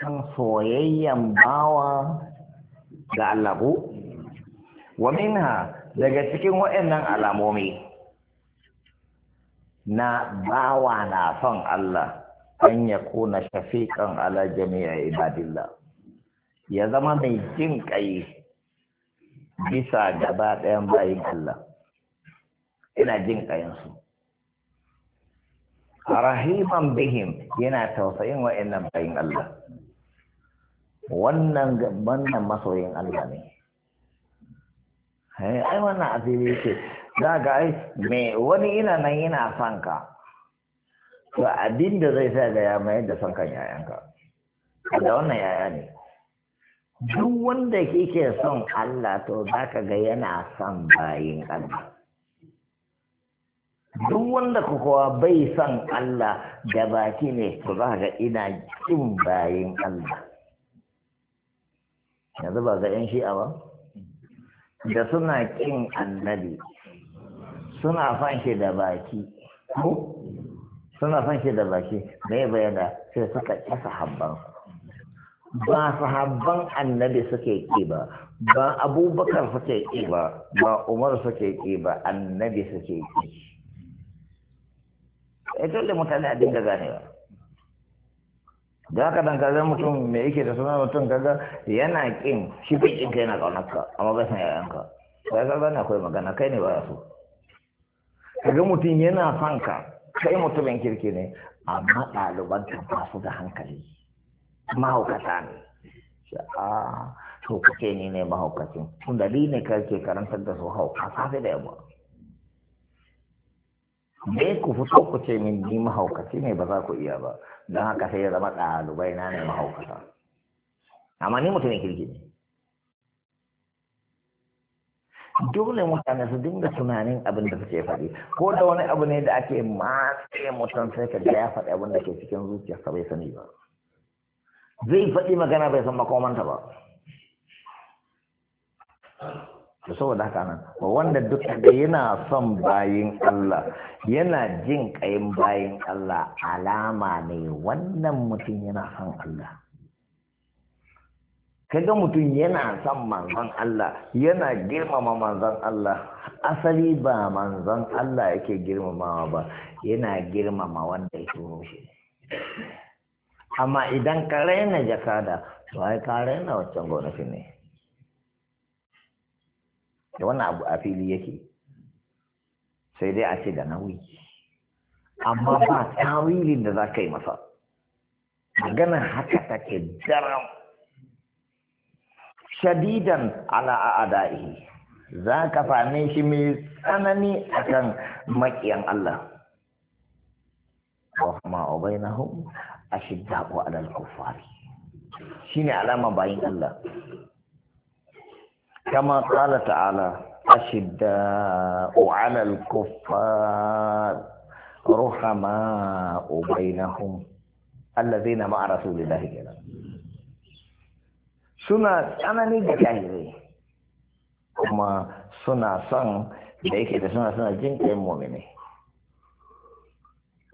kan soyayyan bawa da allahu wa minha daga cikin waɗannan alamomi na bawa na son Allah an ya kuna shafiƙan ala jami'a ibadillah ya zama mai jin ƙai bisa gaba ɗayan bayin Allah ina jin ƙayansu rahiman bihim yana tausayin wa'annan bayin Allah wannan nan masoyin Allah ne eh, ai wannan asiri ce za ga ai me wani ina nan yana son ka to abin da zai sa ga ya mayar da son kan yayanka da wannan yaya ne duk wanda kike son Allah to zaka ga yana son bayin Allah duk wanda kowa bai son Allah da baki ne to zaka ga ina kin bayin Allah yanzu ba ga 'yan shi'a ba da suna ƙin annabi suna fanshe da baki suna fanshe da baki mai bayyana sai suka ƙasa habban ba sahabban annabi suke ƙi ba ba abubakar suke ƙi ba ba umar suke ƙi ba annabi suke ƙi ita eh, da mutane a dinga ganewa da haka dan kaza mutum me yake da sunan mutum kaga yana kin shi kin kai yana ka amma bai san yayanka sai ka na akwai magana kai ne ba so kaga mutum yana son ka kai mutumin kirki ne amma ɗaliban ta ba su da hankali mahaukata ne a to kuke ni ne mahaukacin tun da ne kake karantar da su hauka safe da yamma dai ku fito ku ce min ni mahaukaci ne ba za ku iya ba don haka sai ya zama ɗalibai na ne mahaukata amma ni mutumin kirki ne dole mutane su dinga tunanin abin da suke faɗi ko da wani abu ne da ake matse mutum sai ka ya faɗi abin da ke cikin zuciyarsa bai sani ba zai faɗi magana bai san makomanta ba to saboda haka nan wanda duk da yana son bayin Allah yana jin kayan bayin Allah alama ne wannan mutum yana son Allah kaga mutum yana son manzon Allah yana girmama manzon Allah asali ba manzon Allah yake girmamawa ba yana girmama wanda ya turo shi amma idan ka raina jakada to ai ka raina waccan gwamnati ne da wannan abu a fili yake sai dai a ce da nauyi amma ba tawilin da za ka yi masa maganar haka take daram shadidan ala a'da'ihi za ka fame shi mai tsanani akan makiyan Allah wa a ubainahum ashiddaqu ala al Shi ne alama bayin Allah كما قال تعالى أشداء على الكفار رحماء بينهم الذين مع رسول الله كنا سنة أنا نيجي كاهري كما سنة سن da yake da suna suna jin kayan momine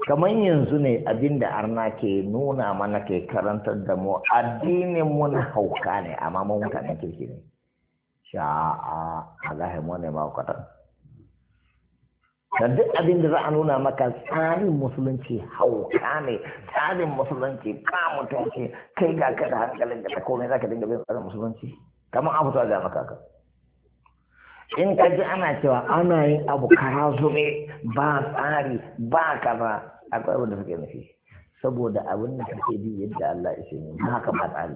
kamar yanzu ne abinda arna ke nuna mana ke karantar da mu addinin mu na hauka ne amma mutanen kirki ne a Allah mu ne ma kwatan dan duk abin da za a nuna maka tsarin musulunci hauka ne tsarin musulunci ba mutunci kai ga kada da hankalin da ta za zaka dinga bin tsarin musulunci kamar abu ta ga maka ka in ka ji ana cewa ana yin abu kara zube ba tsari ba kaza akwai abin da suke nufi saboda abin da kake bi yadda Allah ya ce ba ka ba tsari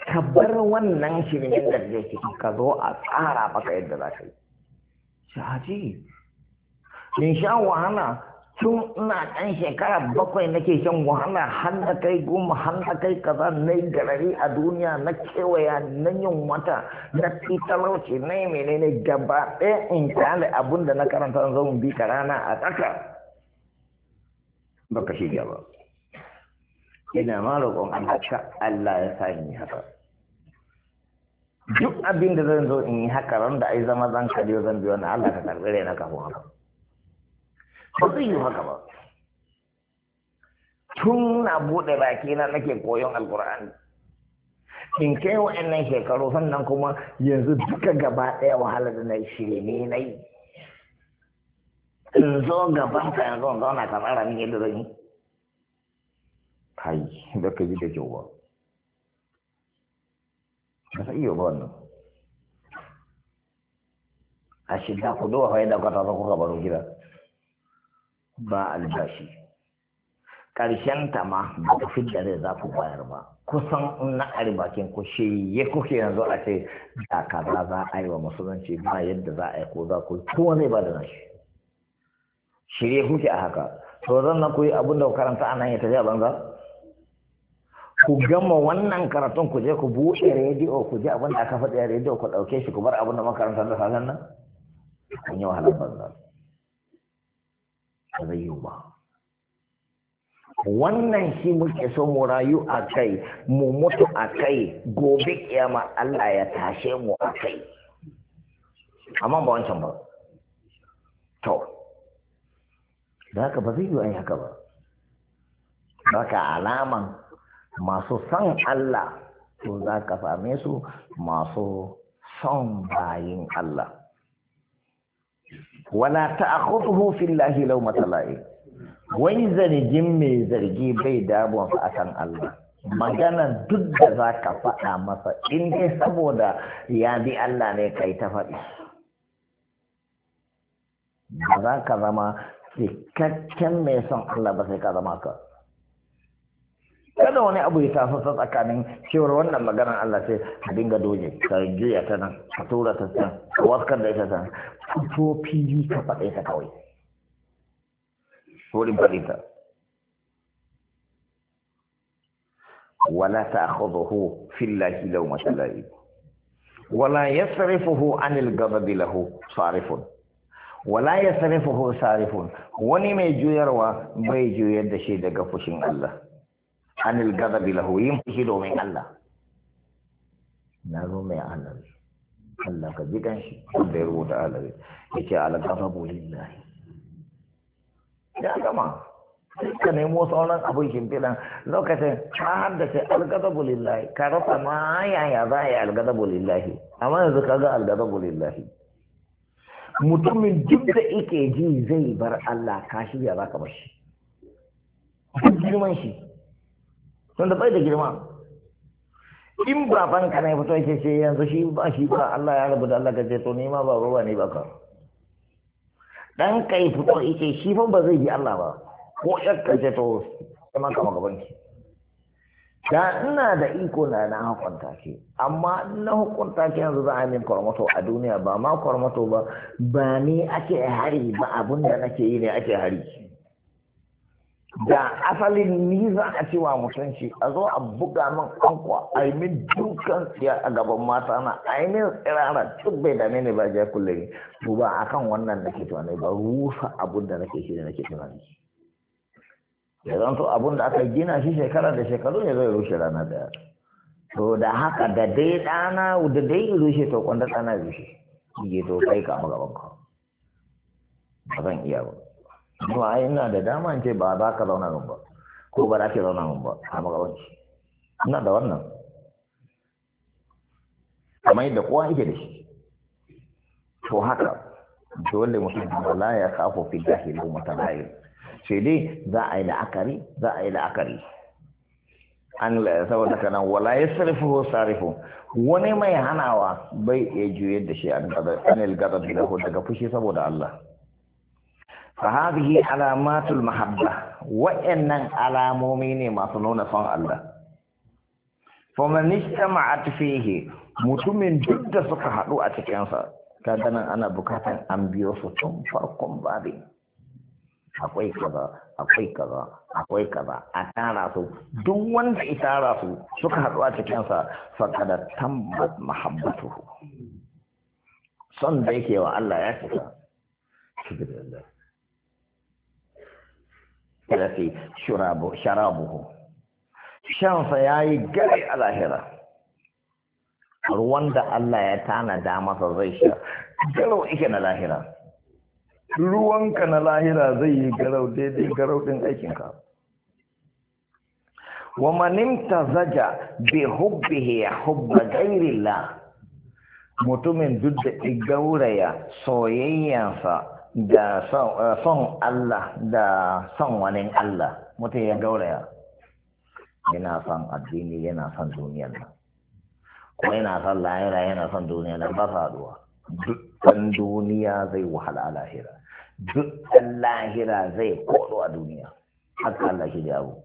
ka bar wannan shirin da zai ciki ka zo a tsara maka yadda za ka yi shaji in sha wahala tun ina ɗan shekara bakwai nake shan wahala har da kai goma har da kai kaza na garari a duniya na kewaya na yin wata na titalauci na yi menene gaba ɗaya in kare abinda na karanta zan bi ka rana a tsaka baka shirya ba ina ma roƙon Allah Allah ya sa ni haka duk abin da zan zo in yi haka ran da ai zama zan kariyo zan biyo na Allah ka karɓi rai na kafin haka ba zai yi haka ba tun na buɗe baki na nake koyon alkur'ani in kai wa'annan shekaru sannan kuma yanzu duka gaba ɗaya wahala da na shirye ne na yi in zo gaban ka yanzu in zauna ka tsara ni yadda zan yi kai da ka ji da kyau ba ba san iya ba wannan a shi da ku doha da kwata ta kuka baro gida ba albashi ƙarshen ta ma ba ku fi rai za ku bayar ba kusan in na arbakin ku shi ya kuke yanzu a ce da kaza za a yi wa musulunci ba yadda za a yi ko za ku kowa zai ba da nashi shirye kuke a haka to zan na ku yi abin da karanta anan ya tafi a banza ku gama wannan karatun ku je ku buɗe rediyo ku ji abin da aka faɗi a rediyo ku ɗauke shi ku bar abin da makaranta da safen nan kun yi wahalar banza ba zai yi ba wannan shi muke so mu rayu a kai mu mutu a kai gobe kiyama Allah ya tashe mu a kai amma ba wancan ba to da haka ba zai yi haka ba baka alaman masu son Allah to za ka same su masu son bayin Allah wala ta'khudhu fillahi law matala'i wai zargin mai zargi bai damu a kan Allah magana duk da za ka faɗa masa in dai saboda ya bi Allah ne kai ta faɗi ba za ka zama cikakken mai son Allah ba sai ka zama ka kada wani abu ya taso ta tsakanin cewar wannan maganar Allah sai a dinga doje ka juya ta nan ka tura ta can ka waskar da ita ta fito fili ka faɗe ta kawai wurin faɗe ta wala ta akhudhu fillahi law masalai wala yasrifuhu anil ghadabi lahu sarifun wala yasrifuhu sarifun wani mai juyarwa bai juyar da shi daga fushin Allah anil gadabi lahu yin fushi domin Allah na zo mai alabi Allah ka ji kan shi da ya rubuta alabi ya ce alagafa bolin lahi ya gama ka nemo sauran abin shimfiɗan lokacin ka haddace algadabu lillahi ka rasa ma yaya za a yi algadabu lillahi amma yanzu ka ga algadabu lillahi mutumin duk da ike ji zai bar Allah ka shirya za ka bashi duk girman shi wanda bai da girma in babanka ne fito yake ce yanzu shi ba shi ba Allah ya rabu da Allah gaje to ni ma ba ruwa ne baka dan kai fito yake shi fa ba zai yi Allah ba ko yar kaje to kuma kama gaban ki da ina da iko na na hukunta ke amma na hukunta ke yanzu za a min kwarmato a duniya ba ma kwarmato ba ba ni ake hari ba abun da nake yi ne ake hari da asalin ni za a cewa mutunci a zo a buga min ankwa a yi min dukan siya a gaban mata na a yi min tsirara duk bai dame ne ba kulle kullum to ba a kan wannan nake tunani ba rusa abun da nake shi da nake tunani ya zanto abun da aka gina shi shekara da shekaru ne zai rushe rana daya to da haka da dai dana, da dai rushe to kwanda ɗana rushe ke to kai kama gaban ka ba zan iya ba kuma ina da dama ce ba za ka zauna min ba ko ba za ka zauna min ba a magabanci ina da wannan kamar yadda kowa yake da shi to haka dole mutum la ya kafa fi jahili mutalayin sai dai za a yi la'akari za a yi la'akari an saboda kana wala ya sarfi ko sarifu wani mai hanawa bai iya juyar da shi an ilgada da daga fushi saboda Allah فهذه علامات المحبة وإن علامومين ما تنون صنع الله فمن اجتمعت فيه mutumin duk da suka haɗu a cikinsa ta ganin ana bukatan an biyo su tun farkon akwai kaza akwai kaza akwai kaza a tara su duk wanda i tara su suka haɗu a cikinsa fakada tambat mahabbatu son da yake wa Allah ya cika shi Allah salafi sharabuhu shansa ya yi gari a lahira ruwan da Allah ya tanada masa zai sha garau ike na lahira ruwanka na lahira zai yi garau daidai garau din aikinka wa manimta zaja bi hubbihi ya hubba mutumin duk da gauraya soyayyansa da eh, son Allah da son wani Allah mutum ya gauraya yana son addini yana son duniyar nan ko yana son lahira yana son duniyar nan ba faduwa dukkan duniya zai wahala a lahira dukkan lahira zai kodo a duniya haka Allah shi jawo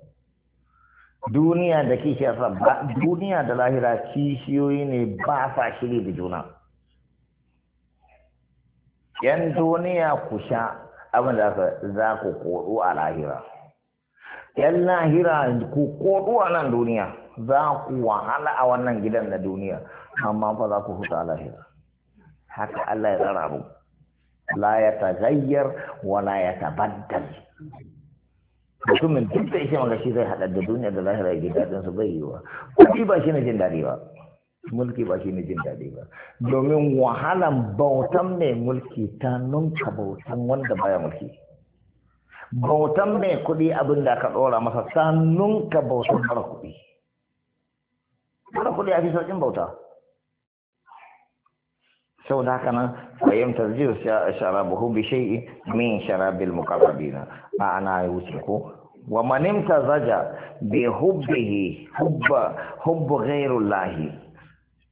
duniya da kishiyar ba duniya da lahira kishiyoyi ne ba sa shiri da juna yan duniya ku sha abin da za ku kodo a lahira yan lahira ku kodo a nan duniya za ku wahala a wannan gidan na duniya amma fa za ku huta a lahira haka Allah ya tsara mu la ya tagayyar wa la ya tabaddal mutumin duk da ishe magashi zai haɗa da duniya da lahira ya ji daɗin su bai yi wa kuɗi ba shi ne jin daɗi ba mulki ba shi ne jin daɗi ba domin wahalan bautan mai mulki ta nunka bautan wanda baya mulki bautan mai kuɗi abin da aka ɗora masa ta nunka bautan mara kuɗi mara kuɗi a fi sauƙin bauta sau da haka nan fahimtar jiyo sharabuhu bi shay'i min sharabil a ana yi wuce ko wa man zaja bi hubbihi hubba hubbu ghayrillahi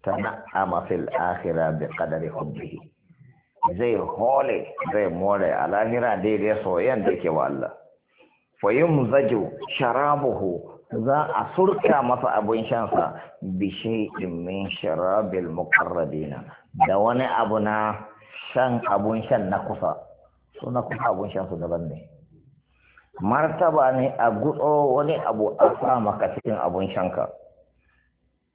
tana'ama fil akhira bi qadari hubbihi zai hole zai more a lahira daidai soyayyen da yake wa Allah fa zaju sharabuhu za a surka masa abun shansa bi shay'in min sharabil muqarrabina da wani abu na shan abun shan na kusa su na kusa abun shan daban ne martaba ne a gutso wani abu a sa maka cikin abun shanka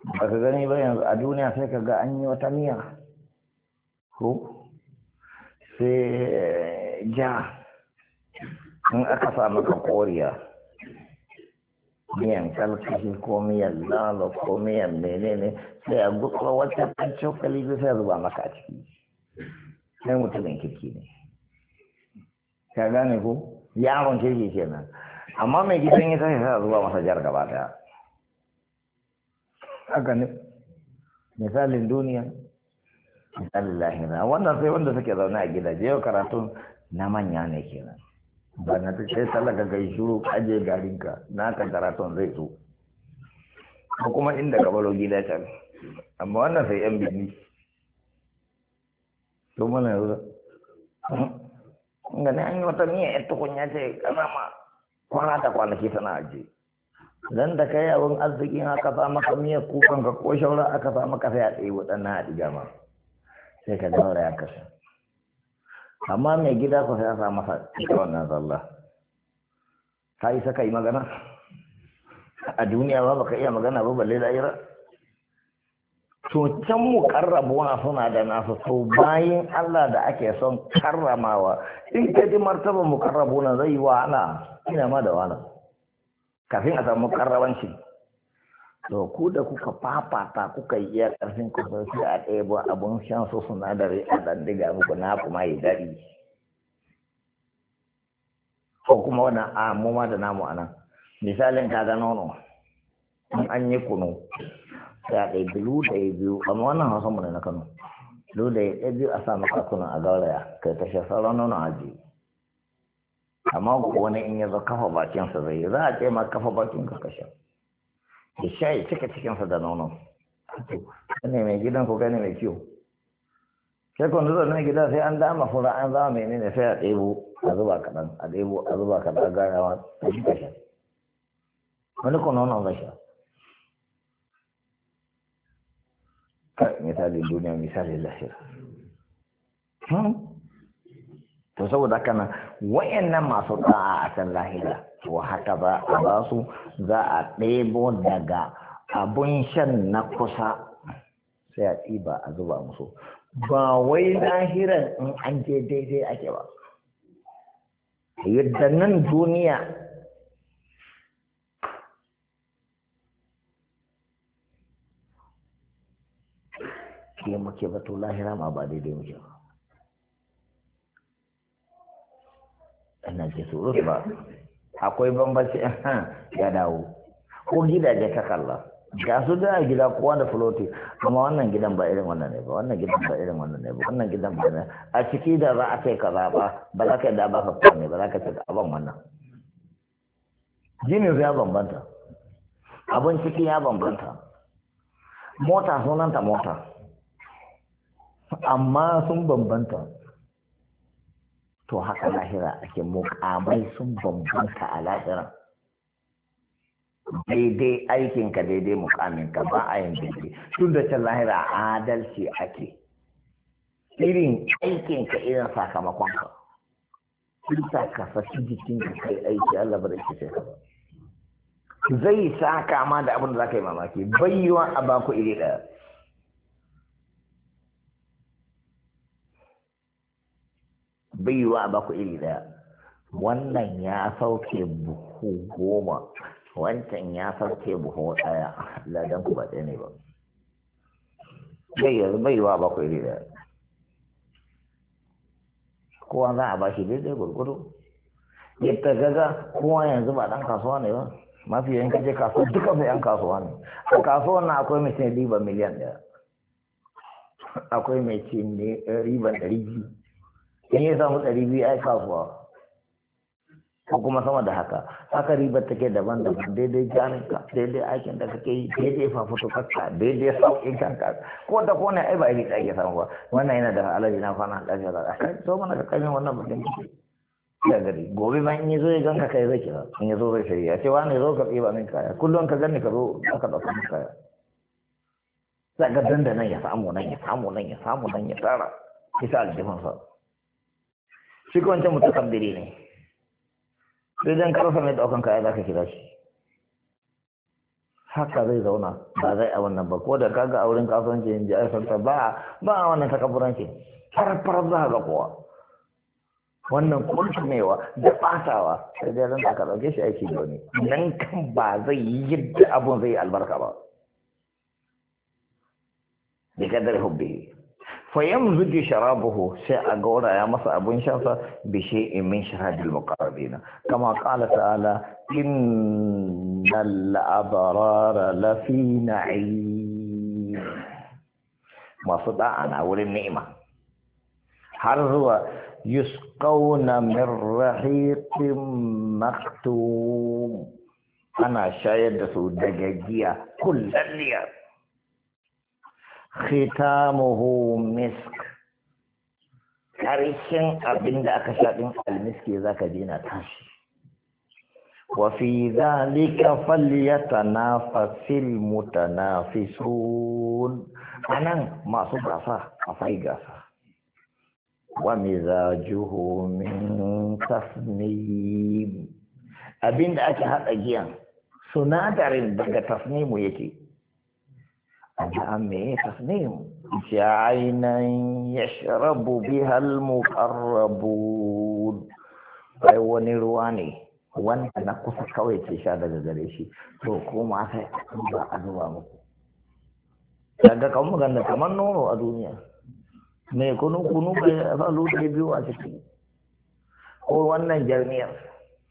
ba ka gani ba yanzu a duniya sai ka ga an yi wata miya ko sai ja in aka samu ka koriya miyan kalkashi ko miyan lalo ko miyan menene sai a gutsuwa wata kan cokali sai zuba maka a ciki sai mutumin kirki ne ka gane ko yaron kirki kenan amma mai gidan ya tashi sai a zuba masa jar gaba daya haka ne misalin duniya misalin lahira wannan sai wanda suke zaune a gidaje yau karatu na manya ne kenan ba na ta sai talaka kai shuru kaje garinka na ka karatun zai so ko kuma inda ka baro gida can amma wannan sai yan bini to mana yau ga ne an yi wata miya yar tukunya ce ma kwana da kwanaki sana aje dan da kai abin arzikin aka fa maka miyar kukan ka ko shaura aka fa maka sai a tsaye waɗannan a ɗiga ma sai ka daura ya kasa. amma mai gida ku sai a sa masa ita wannan zalla ka yi saka yi magana a duniya ba baka iya magana ba balle da ira to can mu karrabuna suna da nasu to bayan Allah da ake son karramawa in ka ji martaba mu karrabuna zai yi wahala ina ma da wahala kafin a samu karrawanci to ku da kuka fafata kuka yi iya karfin ku sai a ba abun shan su sinadari a dandiga muku na kuma yi daɗi ko kuma wani a ma da namu anan misalin kaga nono in an yi kunu sai a ɗaya biyu da ya biyu amma wannan hausa mu ne na kano biyu da ya biyu a sa maka a gauraya kai ta sauran nono a jiye amma wani in ya zo kafa bakinsa zai yi za a ce ma kafa bakin ka kashe ya sha ya cika cikinsa da nono ne mai gidan ko gani mai kiwo sai kun zuwa nan gida sai an dama fura an zama menene sai a ɗebo a zuba kaɗan a ɗebo a zuba kaɗan garawa a shi kashe wani ko nono zai sha misali duniya misali lahira hmm? to saboda haka nan wayannan masu da'a a san lahira to haka ba a ba su za a ɗebo daga abun shan na kusa sai a ɗiba a zuba musu ba wai lahiran in an je daidai ake ba yadda nan duniya ke muke ba to lahira ma ba daidai muke ba ana ce su ba akwai bambanci ya dawo ko gidaje ta kalla ga su da gida kowa da floti amma wannan gidan ba irin wannan ne ba wannan gidan ba irin wannan ne ba wannan gidan ba ne a ciki da za a kai kaza ba ba za ka yi da ba ka kwane ba za ka ce abin wannan jini ya bambanta abin ciki ya bambanta mota sunanta mota amma sun bambanta to haka lahira ake mukamai sun bambanta a lahiran daidai aikinka daidai mukaminka ba a yin daidai tun da can lahira adalci ake irin aikinka irin sakamakonka sun sa ka jikin ka kai aiki Allah ba da sai ba zai saka ma da abin da za ka yi mamaki bayyuwan a baku iri ɗaya baiwa ba ku iri daya wannan ya sauke buhu goma wancan ya sauke buhu daya ladan ku ba ɗaya ne ba bai yanzu bai iri daya kowa za a bashi daidai gurgudu yadda gaga kowa yanzu ba ɗan kasuwa ne ba mafi yanka je kasuwa duka su yan kasuwa ne a kasuwa na akwai cin riba miliyan ɗaya akwai mai ce ne riban ɗari biyu in ya samu ɗari biyu ai kafuwa ko kuma sama da haka haka ribar take daban-daban daidai ka daidai aikin da kake yi daidai fafutukarka daidai sauƙin kanka ko da ko ne ai ba iri ake samu ba wannan yana da alaji na kwana lafiya da aka to mana ka kamin wannan mutum da gari gobe ma in yazo ya ganka kai zai kira in yazo zai shirya ya ce wani zo ka tsiba min kaya kullum ka gani ka zo aka ɗauka min kaya sai ga dandanan ya samu nan ya samu nan ya samu nan ya tara kisa aljihunsa shi ko wancan mutakabbiri ne sai dan karfa mai daukan kaya zaka kira shi haka zai zauna ba zai a wannan ba ko da kaga a wurin kasuwanci in ji aifanta ba ba a wannan takaburanci farfar za ga kowa wannan kuntumewa da batawa sai dai ran ka dauke shi aiki da wani nan kan ba zai yi yadda abun zai albarka ba bi kadar hubbi فيمزج شرابه سيأغورا يا مسا أبو إنشاء بشيء من شراب المقربين كما قال تعالى إن الأبرار لفي نعيم ما صدع أنا أول النعمة هو يسقون من رحيق مختوم أنا شايد سودجاجية كل اليوم khitamuhu misk karshen abin aka sha din almiski zaka dina tashi wa fi dhalika falyatanafasil mutanafisun anan masu gasa akwai gasa wa mizajuhu min tasnim abin da ake hada giyan sunadarin daga tasnimu yake أمي تصميم عينا يشرب بها المقربون bai wani ruwa ne wanda na kusa kawai ce sha daga gare shi to kuma sai ba a zuba muku daga kan magana kamar nono a duniya mai kunu kunu bai falu biyu a ciki ko wannan jarmiyar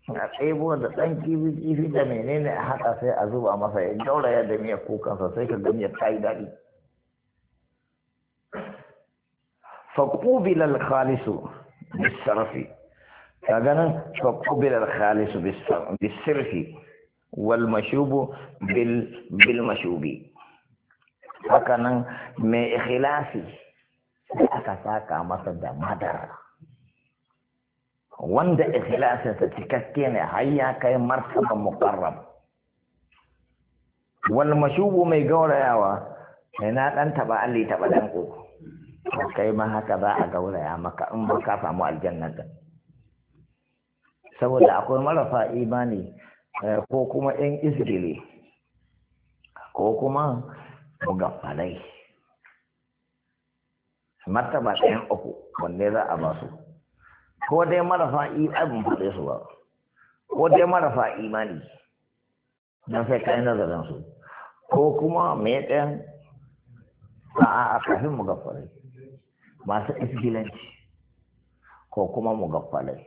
a tsebo da ɗan kifi kifi da menene a haɗa sai a zuba masa ya daura ya da miyar kukansa sai ka gani ya kai daɗi faƙubi lal khalisu sarfi, ka ganin faƙubi lal khalisu sarfi, wal mashubu bil mashubi haka nan mai ikhilasi aka saka masa da madara wanda ikhlasinsa cikakke ne har ya kai martaban muqarrab wal mashubu mai gaurayawa sai na dan taba Allah taba dan ko kai ma haka za a gauraya maka in ba ka samu aljanna saboda akwai marafa imani eh, ko kuma yan isgili ko kuma mugaffalai martaba ɗayan uku wanne za a ba su ko dai marasa imani faɗe su ba ko dai marasa imani don sai ka yi nazarin su ko kuma mai ɗayan sa'a a kafin mu gafarai masu isgilanci ko kuma mu gafarai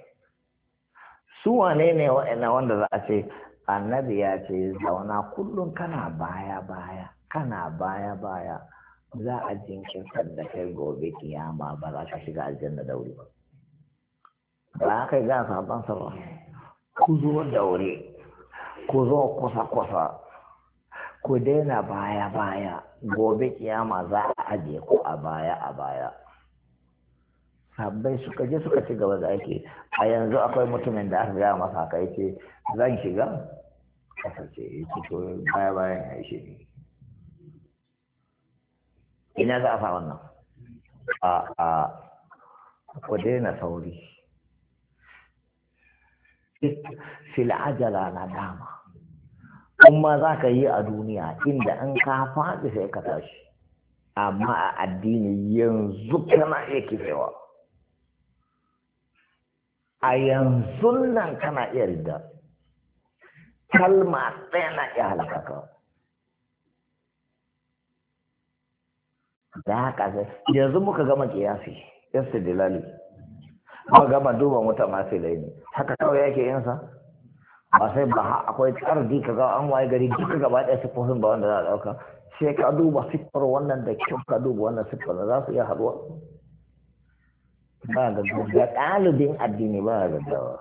su wane ne wa'ina wanda za a ce annabi ya ce zauna kullum kana baya baya kana baya baya za a jinkirtar da kai gobe kiyama ba za ka shiga aljanna da wuri ba ba haka ga sabon sa ba ku zo da wuri ku zo kusa-kusa ku daina baya-baya gobe kiyama za a ajiye ku a baya a baya sabbai suka je suka ci gaba da ake a yanzu akwai mutumin da aka gaya masa haka ce, zan shiga kasa ce yace to baya bayan ya ishe ni ina za a sa wannan a a ku daina sauri fil ajala na dama kuma za ka yi a duniya inda an ka faɗi sai ka tashi amma a addini yanzu kana iya kifewa a yanzu nan kana iya riga kalma ɗaya na iya halaka ka da haka yanzu muka gama kiyasi yasta dilali ba gama duba mota masu laini haka kawai yake yin sa ba sai ba akwai tsardi ka ga an waye gari duka gaba ɗaya siffofin ba wanda za a ɗauka sai ka duba siffar wannan da kyau ka duba wannan siffar za su iya haɗuwa ba gaggawa ga ɗalibin addini ba gaggawa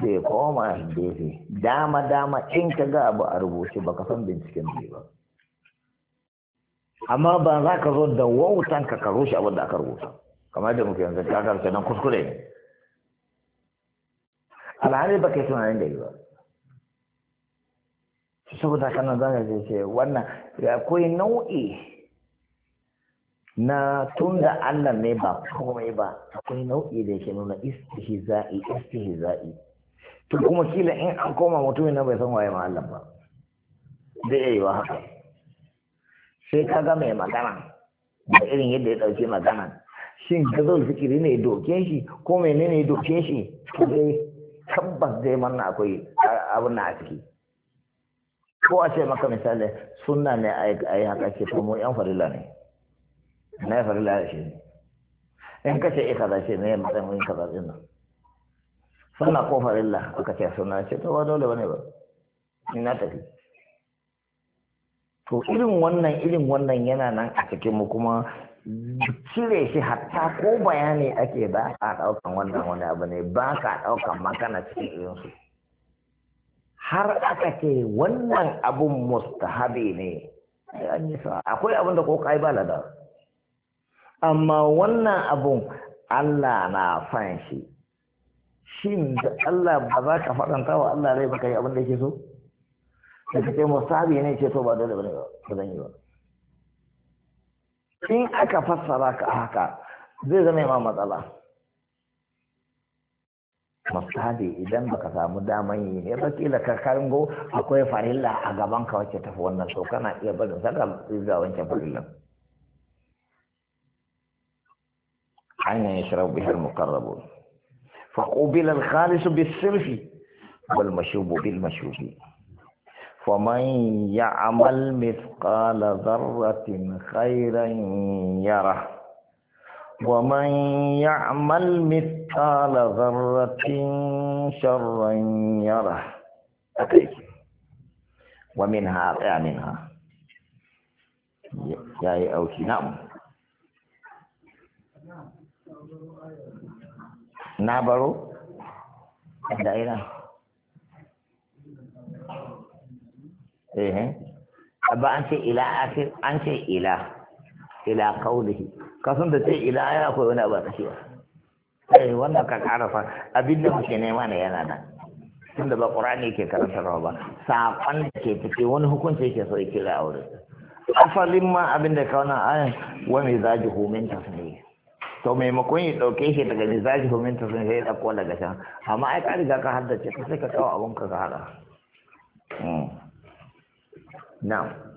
sai koma gefe dama dama in ka ga abu a rubuce baka san binciken bai ba amma ba za ka zo da wautan ka ka rushe abin da aka rubuta kamar da muke yanzu ta karke nan kuskure ne alhali ba ke tunanin da yi ba saboda haka nan zaka zai ce wannan akwai nau'i na tun da Allah ne ba komai ba akwai nau'i da yake nuna istihza'i istihza'i to kuma kila in an koma mutumin nan bai san waye ma Allah ba zai yi wa haka sai ka ga mai magana da irin yadda ya ɗauki magana shin gazol zikiri ne doke shi ko menene ne doke shi dai tabbas dai manna akwai abin a ciki ko a ce maka misali sunna ne a yi haka ce kuma yan farila ne na farila shi ne in kace e eh kaza ce ne matsayin yi kaza din nan sunna ko farilla aka ce sunna ce to ba dole bane ba ni na tafi to irin wannan irin wannan yana nan a cikin mu kuma cire shi hatta ko bayani ake ba a ɗaukan wannan wani abu ne ba ka ɗaukan makana cikin irinsu har aka ce wannan abun mustahabi ne akwai abin da ko kai ba lada amma wannan abun Allah na fan shi shin da Allah ba za ka faɗanta wa Allah rai ba ka yi abin da ke so da ce mustahabi ne ce to ba dole ba ne ba zan yi ba in aka fassara ka haka zai zama ma matsala misali idan baka samu daman yi ne ba kila ka akwai farilla a gaban ka wacce tafi wannan to kana iya barin saka ga wancan farillan aina yashrabu biha al-muqarrabun fa qubila al-khalis bis-silfi bil mashrubi فمن يعمل مثقال ذرة خيرا يره ومن يعمل مثقال ذرة شرا يره ومنها يا منها يا أوكي نعم نعبر عند eh ba an ce ila akhir an ce ila ila qawlihi kasan da ce ila ya akwai wani abu a tsakiya eh wannan ka karafa abin da muke nema ne yana nan tunda ba qur'ani yake karantarwa ba saƙon da ke fice wani hukunci yake so yake da aure asalin ma abin da ka wannan ayan wa mizajuhu min tasniyah to maimakon ya ɗauke shi daga mizaji domin ta sun sai ɗauko daga can amma ai ka riga ka haddace ta sai ka kawo abin ka ka haɗa Now